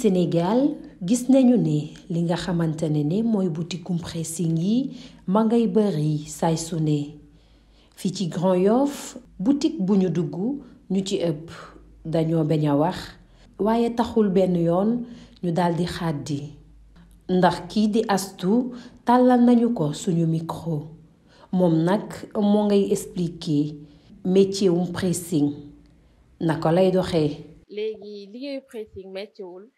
Sénégal gis nañu ne li nga xamantene ne mooy pressing yi ma ngay ci Grand Yoff boutique bu ñu dugg ñu ci ëpp dañoo bañ a wax waaye taxul benn yoon ñu daldi ndax di astu tàllal nañu ko suñu micro moom nag moo ngay expliquer métier un pressing naka lay doxee léegi liggéeyu pressing métier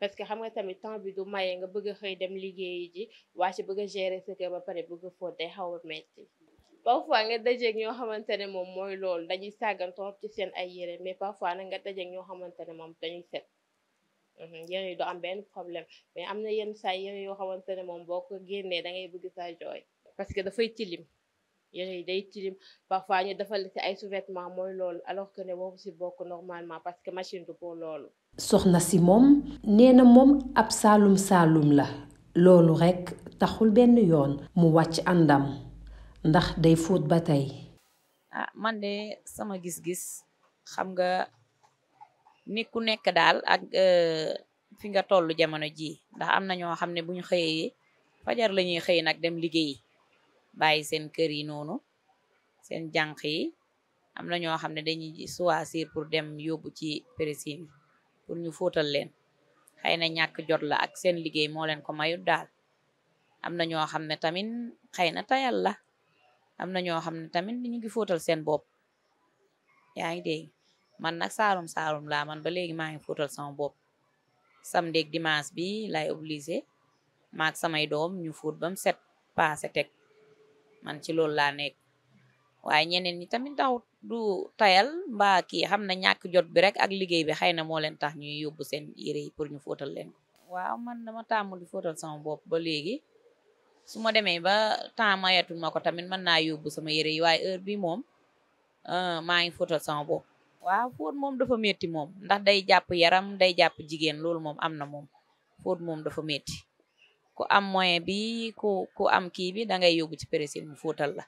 parce que xam nga tamit temps bi du maye nga bëgg a xëy dem liggéey ji waa ci bëgg a gérer sa ba pare bëgg a fóot day xaw a metti parfois nga dajeeg ñoo xamante ne moom mooy loolu dañuy sàggan trop ci seen ay yére mais parfois na nga dajeeg ñoo xamante ne moom dañuy set mhm, yére yi du benn problème mais am na yenn saa yére yoo xamante ne moom boo ko génnee da ngay bëgg saa jooy parce que dafay tilim yére yi day tilim parfois ñu defal ci ay sous mooy loolu alors que ne boobu si bokk normalement parce que machine du pour loolu. soxna si moom nee na moom ab saalum saalum la loolu rekk taxul benn yoon mu wàcc àndam ndax day fóot ba tey. ah man de sama gis-gis xam nga ni ku nekk daal ak euh, fi nga toll jamono ji ndax am na ñoo xam ne bu ñu xëyee fajar la ñuy xëy nag dem liggéey bàyyi seen kër yi noonu seen jànq yi am na ñoo xam ne dañuy choisir pour dem yóbbu ci pressing pour ñu fóotal leen xëy na ñàkk jot la ak seen liggéey moo leen ko mayut daal am na ñoo xam ne tamit xëy na tayal la am na ñoo xam ne tamit ñu ngi fóotal seen bopp yaa ngi dégg man nag saalum saalum laa ba léegi maa ngi fóotal sama bopp samedi ak bi lay obligé maak samay doom ñu fóot bam set paase teg man ci loolu laa nekk waaye ñeneen ñi tamit taxut du tayal mbaa kii xam na ñàkk jot bi rek ak liggéey bi xëy na moo leen tax ñuy yóbbu seen yére yi pour ñu fóotal leen ko waaw man dama tàmm di fóotal sama bopp ba léegi su ma demee ba temps mayatul ko tamit mën naa yóbbu sama yére yi waaye heure bi moom euh, maa ngi fóotal sama bopp waaw fóot moom dafa métti moom ndax day jàpp yaram day jàpp jigéen loolu moom am na moom fóot moom dafa métti ku am moyen bi ku ku am kii bi da ngay yóbbu ci mu fóotal la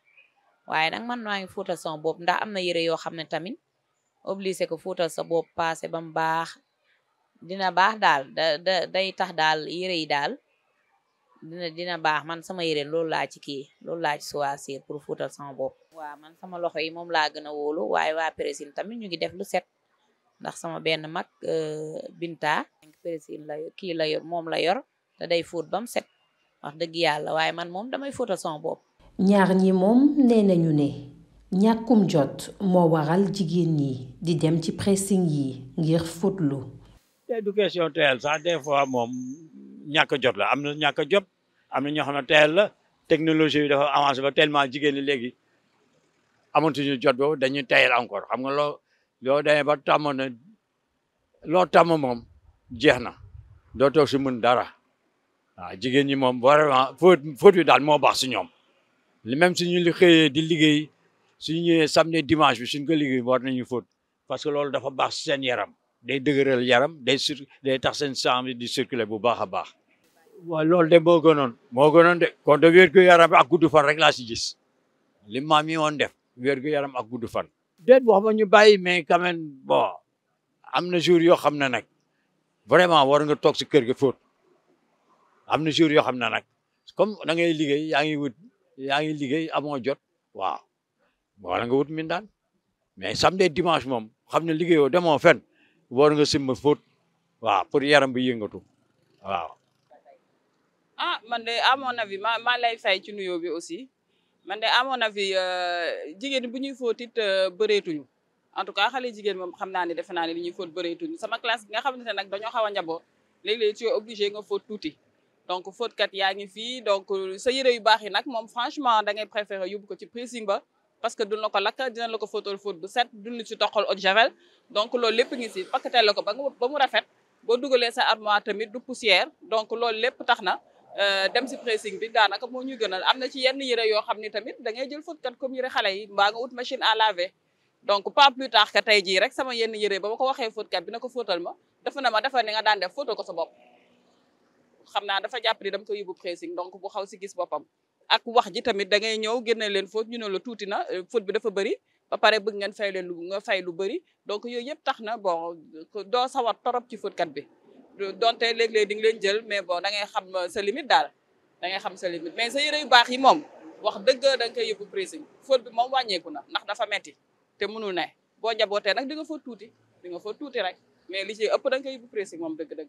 waaye nag man maa ngi fóotal sama bopp ndax amna na yo yoo xam ne tamit obligé ko fóotal sa bopp dina baax da da day tax daal yére yi dina dina baax man sama yére lo la ci lo loolu laa ci choisir pour fóotal sama bopp. waaw man sama loxo yi mom laa gën a wóolu waaye waa pressing tamit ñu ngi def lu set ndax sama benn mag euh, Binta. pressing la kii la yor mom la yor. te day fóot ba mu set wax dëgg yàlla waaye man moom damay fóotal sama bopp. ñaar ñi moom nee nañu ne ñàkkum jot moo waral jigéen ñi di dem ci pressing yi ngir fóotlu. du question teel sax des fois moom ñàkk jot la am na ñàkk jot am na ñoo xam ne teel la technologie bi dafa avancé ba tellement jigéen ñi léegi amatuñu jot boobu dañuy teyal encore xam nga loo loo demee ba tàmm na loo tàmm moom jeex na doo toog si mën dara. waaw jigéen ñi moom vraiment fóot fóot bi daal moo baax si ñoom li même suñu li di liggéey suñu ñëwee samedi dimanche bi suñ ko liggéey war nañu fóot parce que loolu dafa baax seen yaram day dëgëral yaram day sur day tax seen sang di circuler bu baax a baax waaw loolu de moo gënoon moo gënoon de de wér gu yaram ak gudd fan rek laa si gis li maam yi woon def wér yaram ak gudd fan déet wax ma ñu bàyyi mais quand même bon am na jour yoo xam ne nag vraiment war nga toog si kër gi fóot am na jour yoo xam ne nag comme da ngay liggéey yaa ngi wut yaa ngi liggéey amoo jot waaw war nga wut min daan mais samedi dimanche moom xam ne liggéeyoo demoo fen war nga simb fóot pour yaram bi yëngatu waaw ah man de à mon avis ma maa lay fay ci nuyoo bi aussi man de na fi avis euh, jigéen bu ñuy fóot it euh, bëreetuñu en tout cas xale jigéen moom xam naa ne defe naa ne li ñuy fóot bëreetuñu sama classe bi nga xam ne nag dañoo xaw a njaboot léeg tu obligé nga fóot tuuti donc fóotkat yaa ngi fi donc sa yere yu baax yi nag moom franchement da ngay préférer yóbbu ko ci pressing ba parce que duñ la ko lakk dina la ko fóotal fóot bu set duñ la ci toqal eau javel donc loolu lépp ngi si paquetel la ko ba ba mu rafet boo dugalee sa armoire tamit du poussière donc loolu lépp tax na euh, dem si pressing bi daanaka moo ñu gënal am na ci yenn yére yoo xam ni tamit da ngay jël fóotkat comme yére xale yi mbaa nga ut machine à laver donc pas plus tard que tey jii rek sama yenn yere ba ma ko waxee fóotkat bi na ko fóotal ma dafa na ma dafa ni nga daan def fóotal ko sa bopp xam naa dafa jàpp ni dama ko yóbbu pressing donc bu xaw si gis boppam ak wax ji tamit da ngay ñëw génne leen faute ñu ne la tuuti na euh, faute bi dafa bëri ba pare bëgg ngeen fay leen lu nga fay lu bëri donc yooyu yëpp tax na bon doo sawar trop ci fautkat bi donte léeg-léeg di nga leen jël mais bon da ngay xam euh, sa limite daal da ngay xam sa limite mais sa yëre yu baax yi moom wax dëgg da nga koy yóbbu pressing faute bi moom wàññeeku na ndax dafa metti te mënul ne boo njabootee nag di nga fa tuuti di nga fa tuuti mais li ëpp da koy yóbbu moom dëgg-dëgg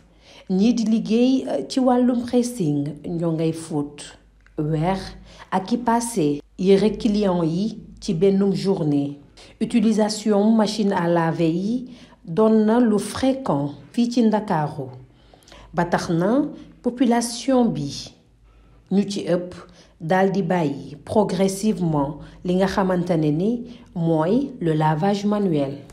ñii di liggéey euh, ci pressing ñoo ngay ak i passé yi ci journée utilisation machine à laver yi doon fréquent fii ci population bi ñu ci progressivement li nga le lavage manuel